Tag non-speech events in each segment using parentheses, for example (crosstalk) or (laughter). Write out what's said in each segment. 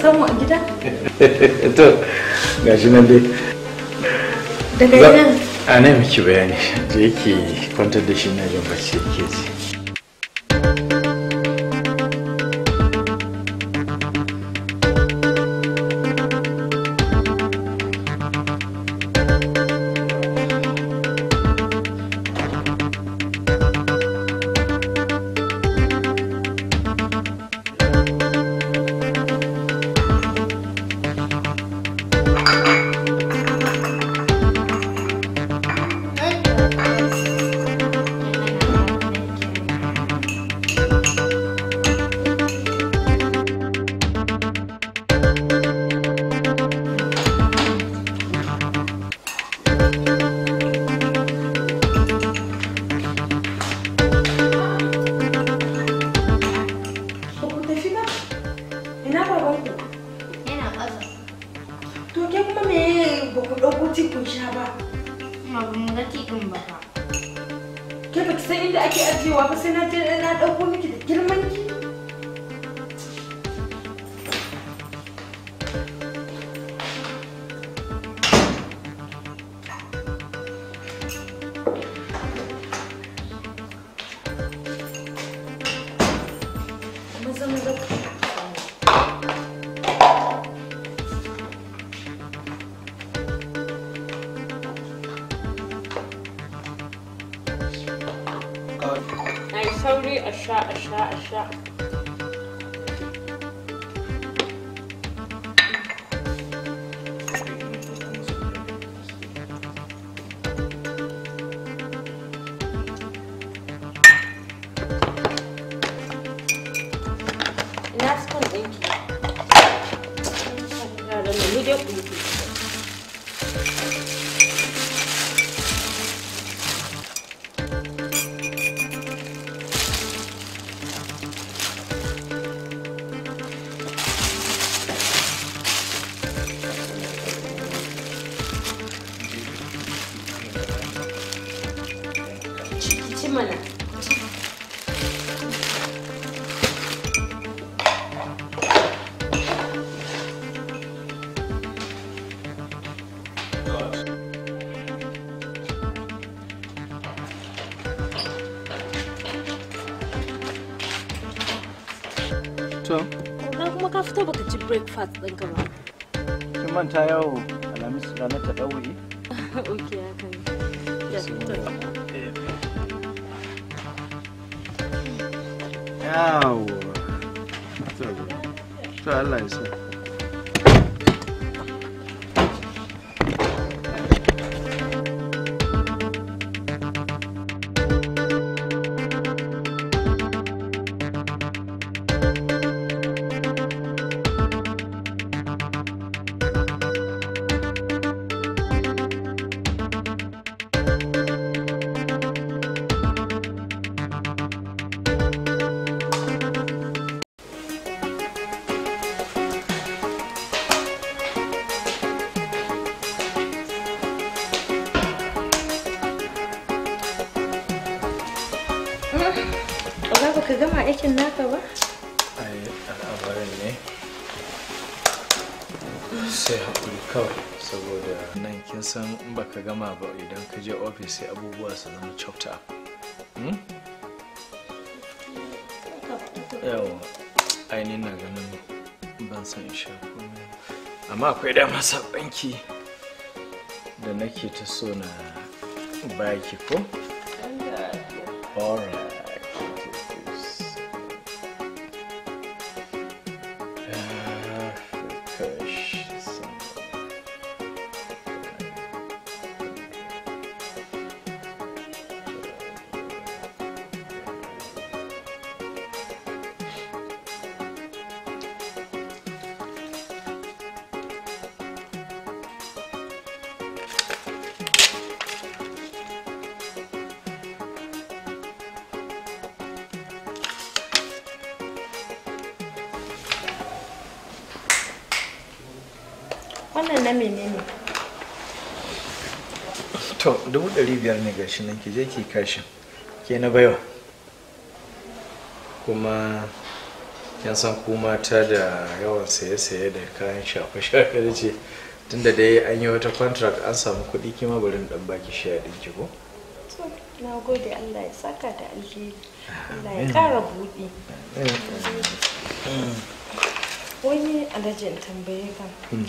samu a gida? (laughs) To, ga shi nan dai. Daga A nan miki bayani da yake kwantar da shi na jin bacci yake ji. Ke baki san inda ake ajiyewa ba sai na je na ɗauko miki da girman ki. fat ɗinka ba. Kin manta yau Alhamis ranar ta ɗauri? (laughs) Ok, haka ne. Yawo. To Allah ya sa. cikin naka ba? Ai, al'amarin ne. Sai haƙuri kawai saboda nan kin san in baka gama ba idan ka je ofis sai abubuwa su zama chopped hmm? Yawa, ainihin na ganin ban san isha Amma akwai dama banki da nake ta so na baki ko? Alright. wannan na menene to dubu ɗari biyar ne ga shi nan ki je ki kashin ke na baiwa kuma yan san ku mata da yawan saye-saye da kayan shafe-shafe da ce tunda dai an yi wata contract an samu kuɗi kima barin ɗan baki shi a ɗinki ko? na gode Allah ya saka da alheri Allah ya ƙara buɗe wani alhaji in tambaye kan hmm.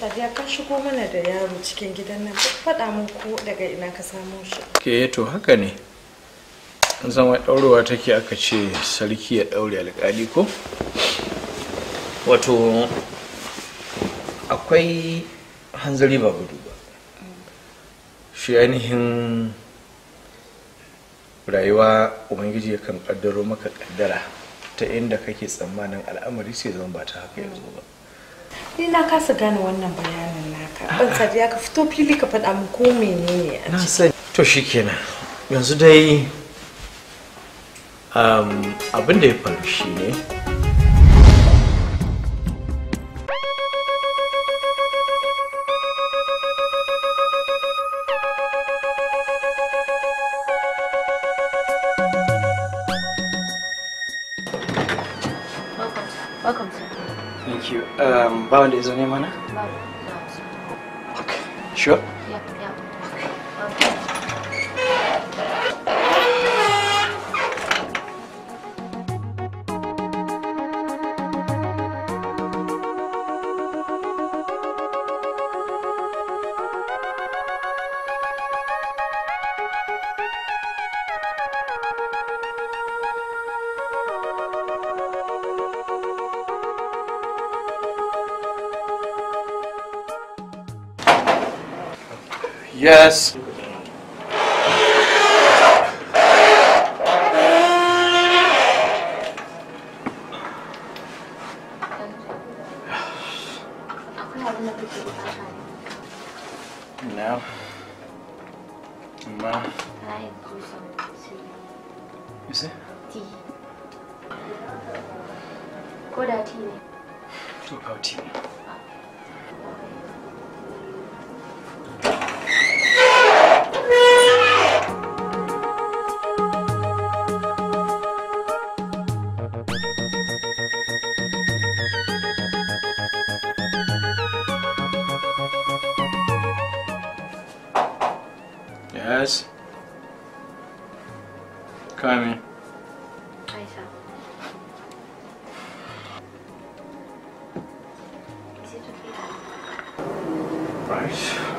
sadiya ka shigo mana da yaro cikin gidan nan faɗa mun ko daga ina ka samu shi ke to haka ne zama ɗaurewa take aka ce sarki ya ɗaure alƙali ko wato akwai hanzari ba gudu ba shi ainihin rayuwa ubangiji yakan ƙaddaro maka ƙaddara ta inda kake tsammanin al'amari sai zama ba ta haka yanzu ba ni na kasa gane wannan bayanin naka ban ya ka fito fili ka faɗa mu ko menene a ciki to shikenan yanzu dai um, abin da ya faru shine ne ba wanda ya zo mana? Ba. Okay. Sure? Yes. Right.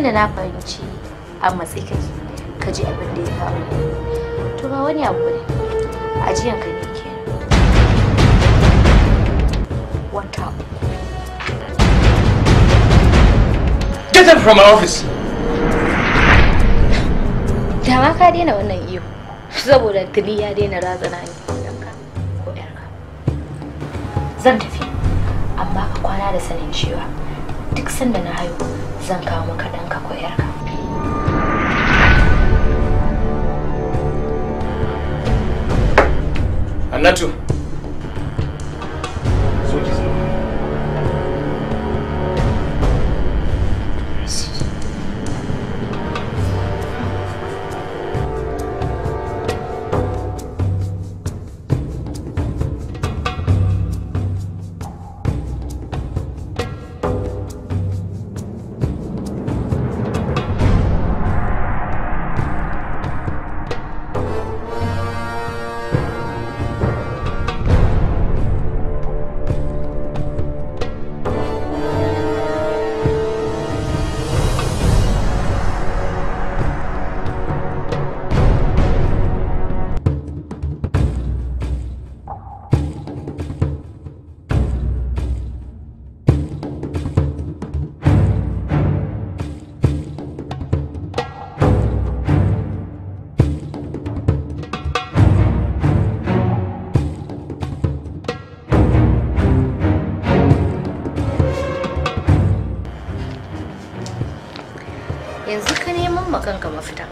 tunda na fahimci a matsayi kake ka ji abin da ya faru to ba wani abu ne ajiyan ka ne ke wata get him from my office ma ka daina wannan iyo saboda tuni ya daina razana ni ko zan tafi amma ka kwana da sanin cewa duk sanda na haihu zan kawo maka dan koyarka ma kanka mafita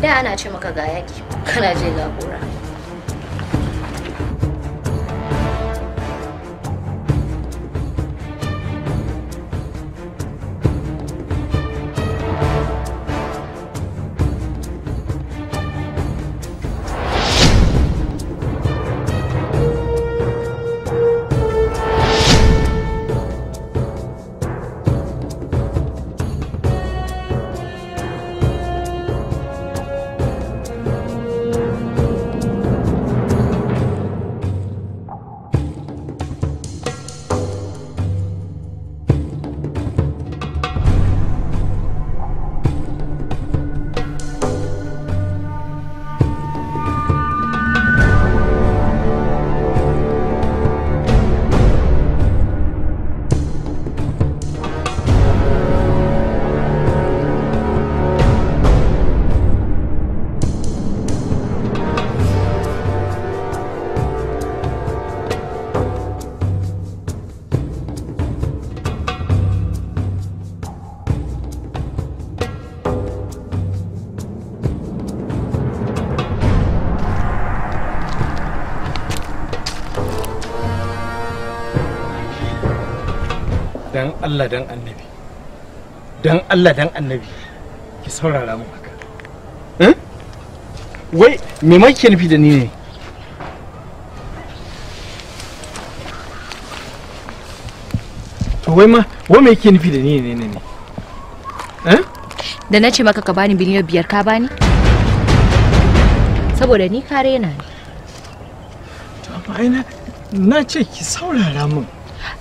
da ana ce maka ga yaki kana je ga gora Allah dan annabi dan Allah dan annabi ki saurara mu haka eh? wai me mai ke nufi da ni ne to wai ma wai me ke nufi da ni ne ne ne eh? da na ce maka ka bani biliyan biyar ka bani saboda ni kare na ne to amma na ce ki saurara mu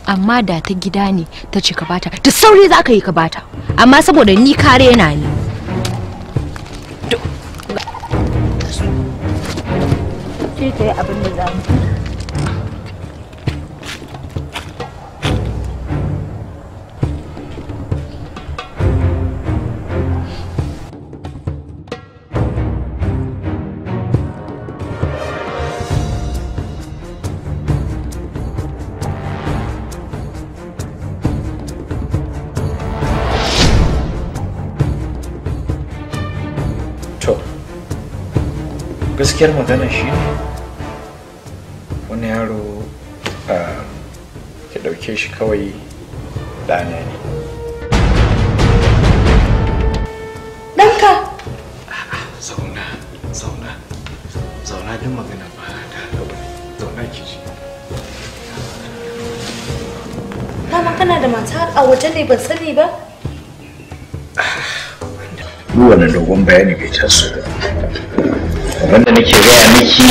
amma da ta gida ne ta ce ka bata da sauri za ka yi ka bata amma saboda ni kare na ne ce ta yi abin da za mu gaskiyar magana shi ne wani yaro ke ɗauke shi kawai ɗana ne ɗanka zauna zauna zauna duk magana ba da gaba zauna ki ji dama kana da mata a waje ne ban sani ba Ni wannan dogon bayani bai taso ba wanda nake gaya miki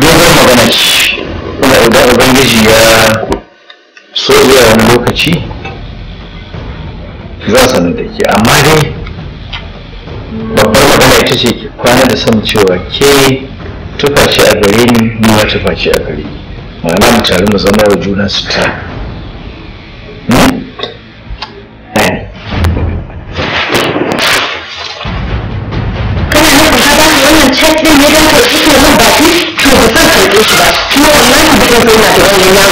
dogon magana ce kuma idan ubangiji ya so zuwa wani lokaci za sanar da ke amma dai babbar magana ita ce kwana da san cewa ke tufa shi a gare ni ni ma tufa a gare ni ma'ana mu tare mu zama wa juna ta Well, you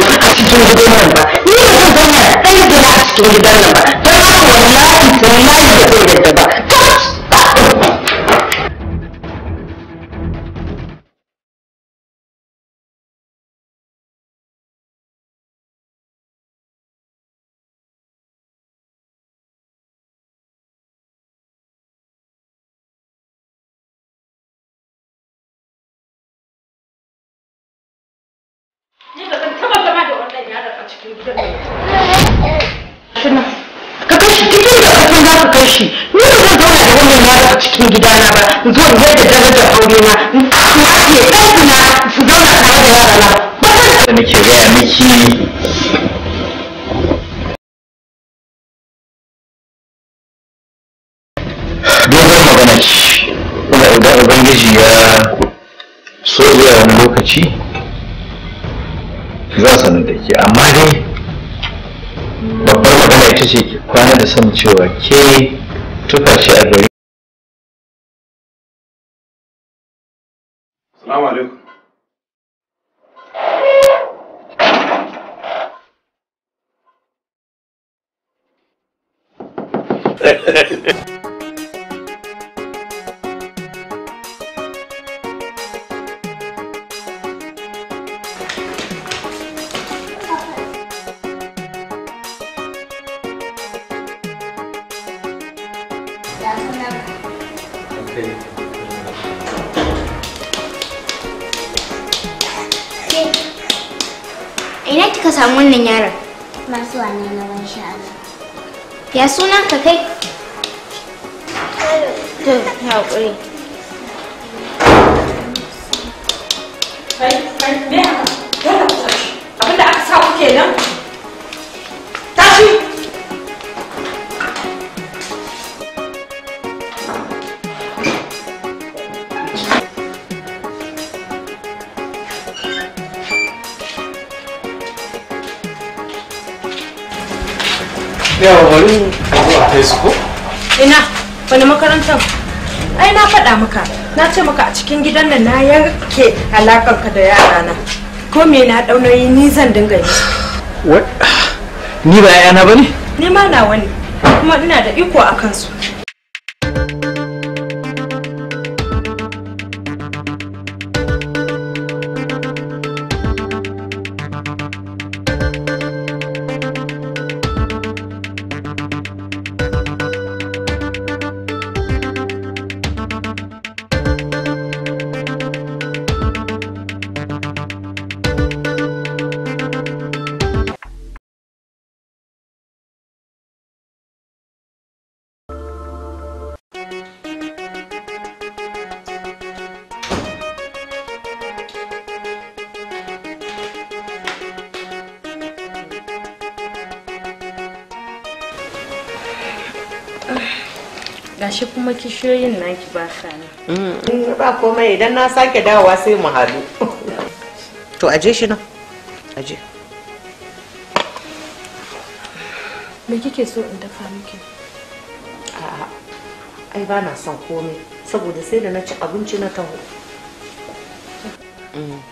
ci za a sanar da ke amma dai babbar magana ita ce kwana da san cewa ke tuka shi a gari salamu alaikum (laughs) yawa bari a zo a kai su ko ina wani makarantar ai na faɗa maka na ce maka a cikin gidan nan na yanke alakarka da yara na ko me na daunayi ni zan dinga yi ni ba ba ne. ni ma na wani kuma ina da iko a kansu gashi kuma kishiyoyin naki ba sa ne mm, ba komai idan na sake dawowa sai mu hadu to aje shi nan aje me kike so in dafa miki a'a ai ba na son komai saboda sai da na ci abinci na taho mm.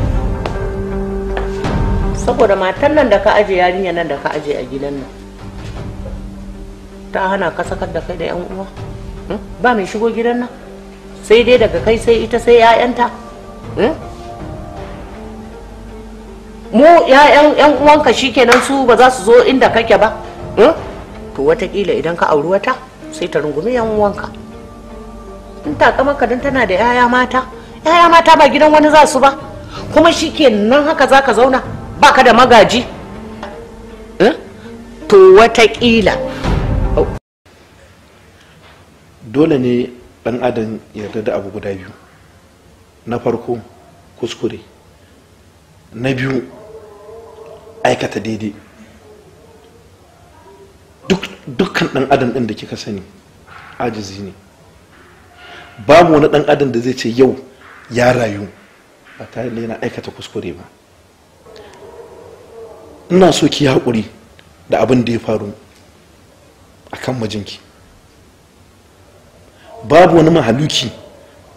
saboda matan nan da ka aje yarinya nan da ka aje a gidan nan ta hana ka sakar da kai da yan uwa hmm? ba mai shigo gidan nan sai dai daga kai sai ita sai 'ya'yanta hmm? mu yan uwanka shikenan su ba za su zo inda kake ba hmm? to watakila idan ka auri wata sai ta rungumi 'yan uwanka in takamarka don tana da 'ya'ya mata 'ya'ya mata ba gidan wani za su ba kuma shikenan haka za ka zauna baka da magaji eh? to watakila dole ne dan adam yarda da abu guda biyu na farko kuskure na biyu aikata daidai dukkan dan adam din da kika sani ajizi ne babu wani dan adam da zai ce yau ya rayu ba tare da yana aikata kuskure ba ina so ki haƙuri da abin da ya faru a kan majinki babu wani mahaluki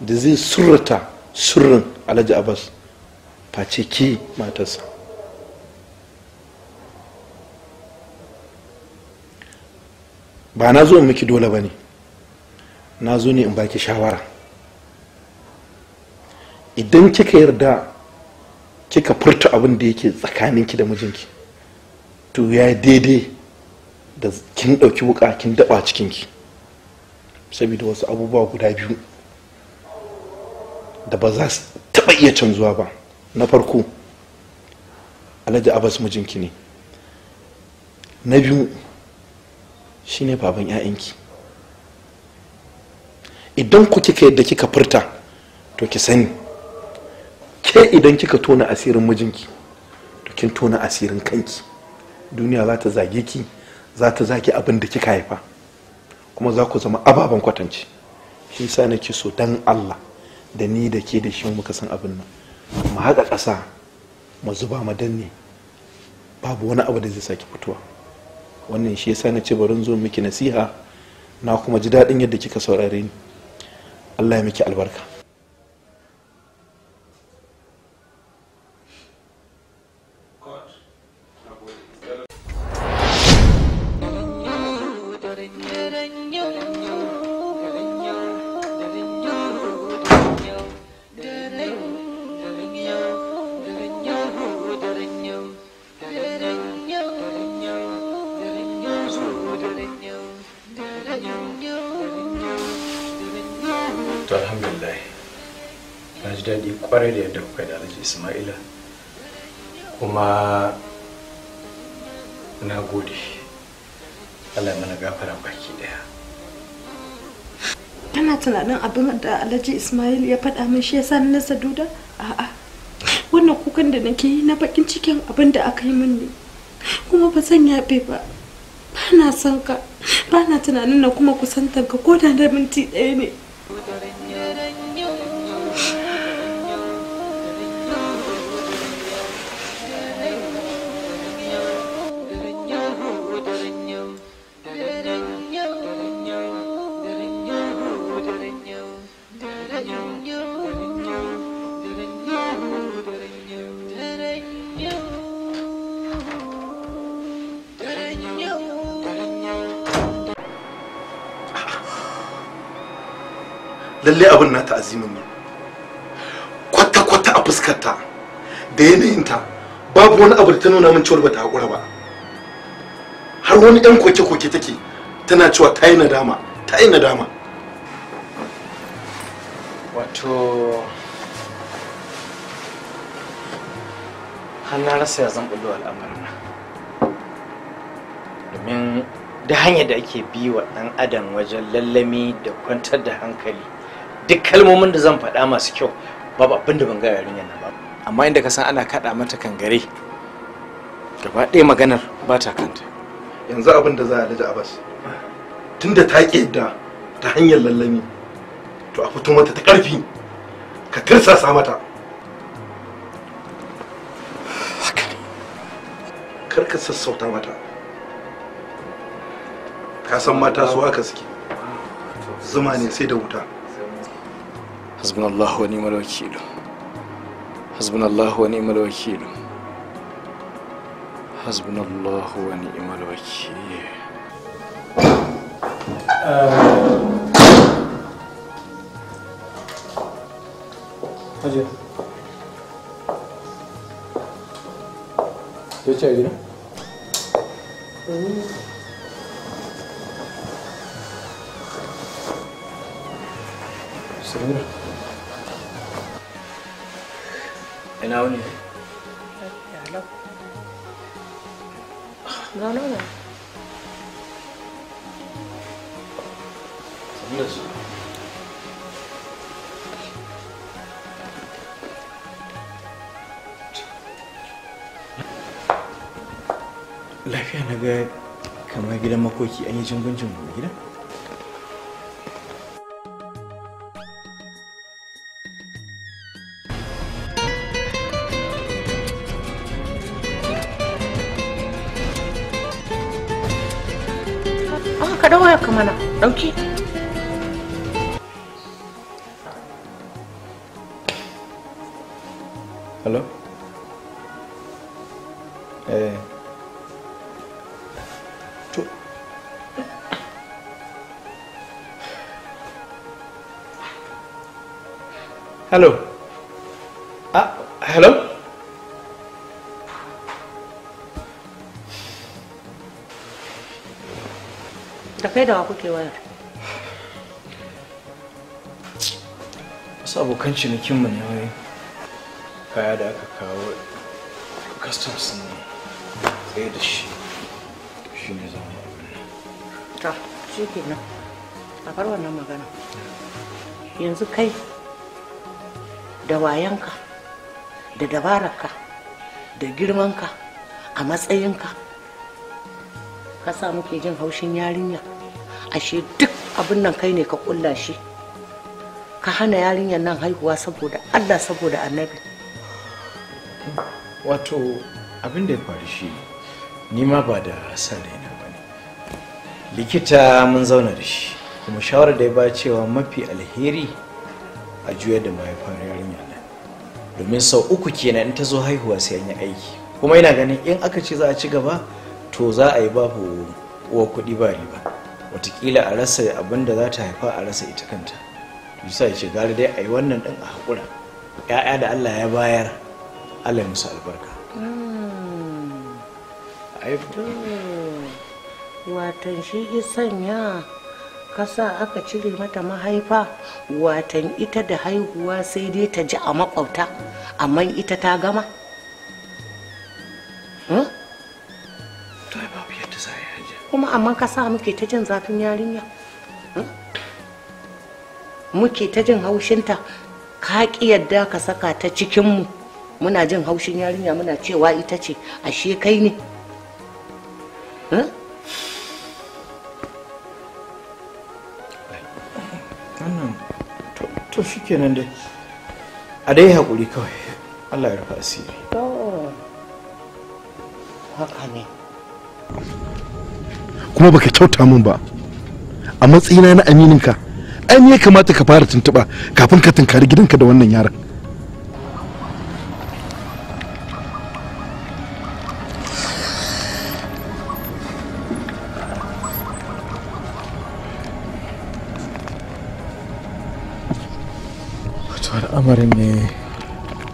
da zai surrata surrin alhaji abbas face ke matarsa ba na zo in miki dole ba ne na zo ne in baki shawara idan kika yarda kika furta abin da yake tsakaninki da mijinki to ya daidai da kin ɗauki wuka kin daɓa cikinki saboda wasu abubuwa guda biyu da ba za su taɓa iya canzuwa ba na farko alhaji abbas mijinki ne na biyu shine baban 'ya'yanki idan ku kika yadda kika furta to ki sani ke idan kika tona asirin mijinki to kin tona asirin kanki duniya za ta zage ki za ta zage abin da kika haifa kuma za ku zama ababen kwatance shi yasa nake so dan Allah da ni da ke da shi muka san abin nan mu haƙa ƙasa mu zuba mu danne babu wani abu da zai saki fitowa wannan shi yasa na ce bari zo miki nasiha na kuma ji daɗin yadda kika saurare ni Allah ya miki albarka kuma na gode allah mana gafara baki daya kana tunanin abin da alhaji ismail ya faɗa min shi yasa na nasa duda a'a wannan kukan da nake yi na bakin cikin abin da aka yi min ne kuma ba zan yabe ba ba na son ka ba tunanin na kuma kusantanka ka ko da minti ɗaya ne babu wani abu da ta nuna min cewar bata hakura ba har wani ɗan koke-koke take tana cewa ta yi nadama ta yi nadama wato har na rasa ya zan ɓullo al'amarin domin da hanya da ake bi wa ɗan adam wajen lallami da kwantar da hankali duk kalmomin da zan faɗa masu kyau babu abin da ban ga yarinyar nan ba amma inda ka san ana kaɗa mata kangare gaba ɗaya maganar ba ta kanta yanzu abin da za a da abbas tunda ta da ta hanyar lallami to a fito mata ta ƙarfi ka tirsasa mata kar ka sassauta mata ka san mata su haka suke zuma ne sai da wuta hasbunallahu wa ni'mal wakil حسبنا الله ونعم الوكيل حسبنا الله ونعم الوكيل Hacı. Geç Thank you. Ina wuni? na. Lafiya na ga kamar gidan makoki an yi jingun-jingun gidan? mana ɗauki Hello? Eh. Hello? Ah, hello? tafe da wa kuke waya wasu abokan cinikinmu ne wai kaya da aka kawo customs ne tsaye da shi shi ne zama ta shi ke nan a bar wannan magana yanzu kai da wayanka da dabararka da girmanka a matsayinka ka sa muke jin haushin yarinya ashe duk abin nan kai ne ka kulla shi ka hana yarinyar nan haihuwa saboda allah saboda annabi wato abin da ya faru shi ni ma ba da san raina ba ne likita mun zauna da shi kuma shawarar da ya ba cewa mafi alheri a juyar da mahaifar yarinya nan domin sau uku kenan in ta zo haihuwa sai an yi aiki kuma ina ganin in aka ce za a ci gaba to za a yi babu uwa kuɗi ba riba watakila a rasa abin da za ta haifa a rasa ita kanta bisa ce gara dai a yi wannan din a haƙura ya'ya da allah ya bayar allah ya musu albarka hmm. watan shi isanya kasa aka cire mata mahaifa watan ita da haihuwa sai dai ta ji a makwabta amma ita ta gama? Hmm? kuma amma ka sa muke ta jin zafin yarinya hmm? muke ta jin haushinta ka ki yadda ka saka ta cikinmu muna jin haushin yarinya muna cewa ita ce ashe kai ne hmm? to shi kenan dai a dai haƙuri kawai allah ya rufa asiri haka ne kuma baka kyauta min ba a matsayina na amininka an ya kamata ka fara tuntuɓa kafin ka tunkari gidanka da wannan yaron al'amarin ne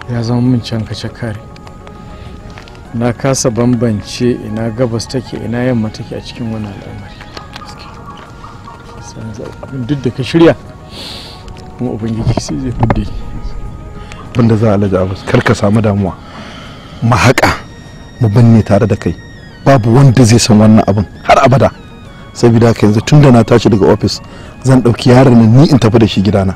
ya zama min can kace kare na kasa bambance ina gabas take ina yamma take a cikin wannan al'amari duk da ka shirya kuma ubangiji sai zai hude banda za a alaji abu kar ka samu damuwa mu haƙa mu binne tare da kai babu wanda zai san wannan abin har abada saboda ka yanzu da na tashi daga ofis zan ɗauki yaron ni in tafi da shi gidana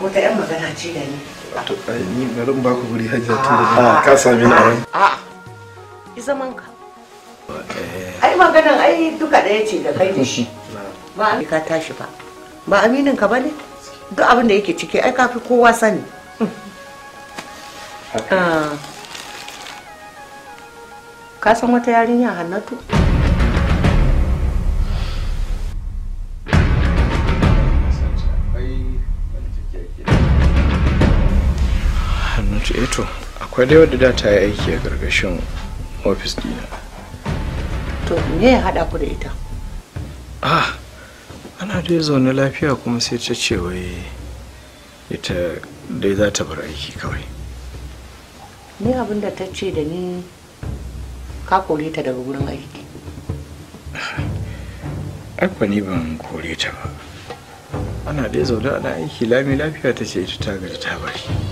wata yan magana ce da ni to ni bari in ba ku guri ah, ah, ka a ran ah, i zaman ka eh. ai maganan ai duka ɗaya ce da kai da shi ba ka tashi ba ba aminin ka duk abin da yake ciki ai kafi kowa sani ka san wata yarinya hannatu ce eh to akwai da yadda da ta yi aiki a gargashin ofis dina to me ya haɗa ku da ita ah ana dai zaune lafiya kuma sai ta ce wai ita dai za ta bar aiki kawai ni abin da ta ce da ni ka kore ta daga wurin aiki ai ni ban kore ta ba ana dai zaune ana aiki lami lafiya ta ce ita ta gari ta bari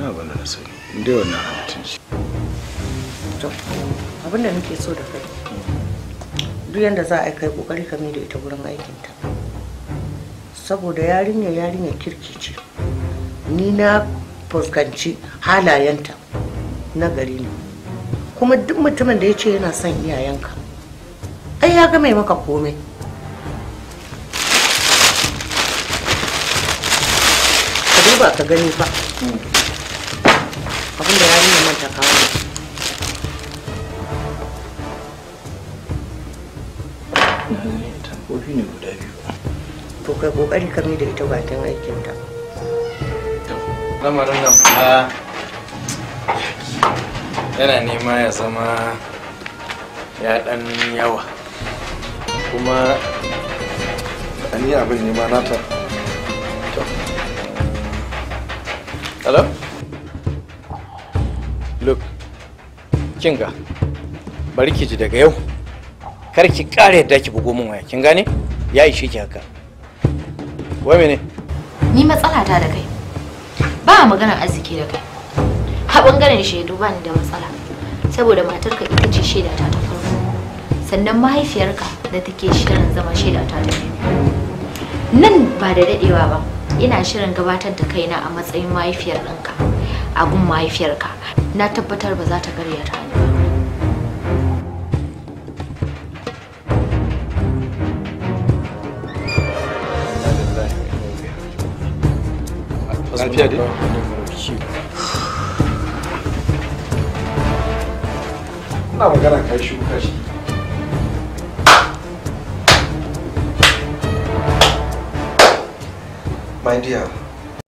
na abin da na sani inda wannan halittun shi to abin da nake so da kai duk yadda za a kai kokari ka da ita wurin aikinta saboda yarinya yarinya kirki ce ni na fuskanci halayenta na gari ne kuma duk mutumin da ya ce yana son iyayenka ai ya gama maka komai ba ka gani ba abin da yarinyar nan ta kawo tambofi ne guda biyu to kai kokari ka da ita lamarin nan fa yana nema ya zama ya dan yawa kuma ani yi abin nema nata kin ga bari ki ji daga yau kar ki kare yadda ki bugo min waya kin gane ya ishe ki haka wai mene ni matsala ta da kai ba maganar arziki da kai a bangaren shaidu ba ni da matsala saboda matarka ita ce shaida ta ta farko sannan mahaifiyarka da take shirin zama shaida ta ta nan ba da dadewa ba ina shirin gabatar da kaina a matsayin mahaifiyar ɗanka a gun mahaifiyarka na tabbatar ba za ta karyata ta lafiya dai ina magana kai shuka shi my dear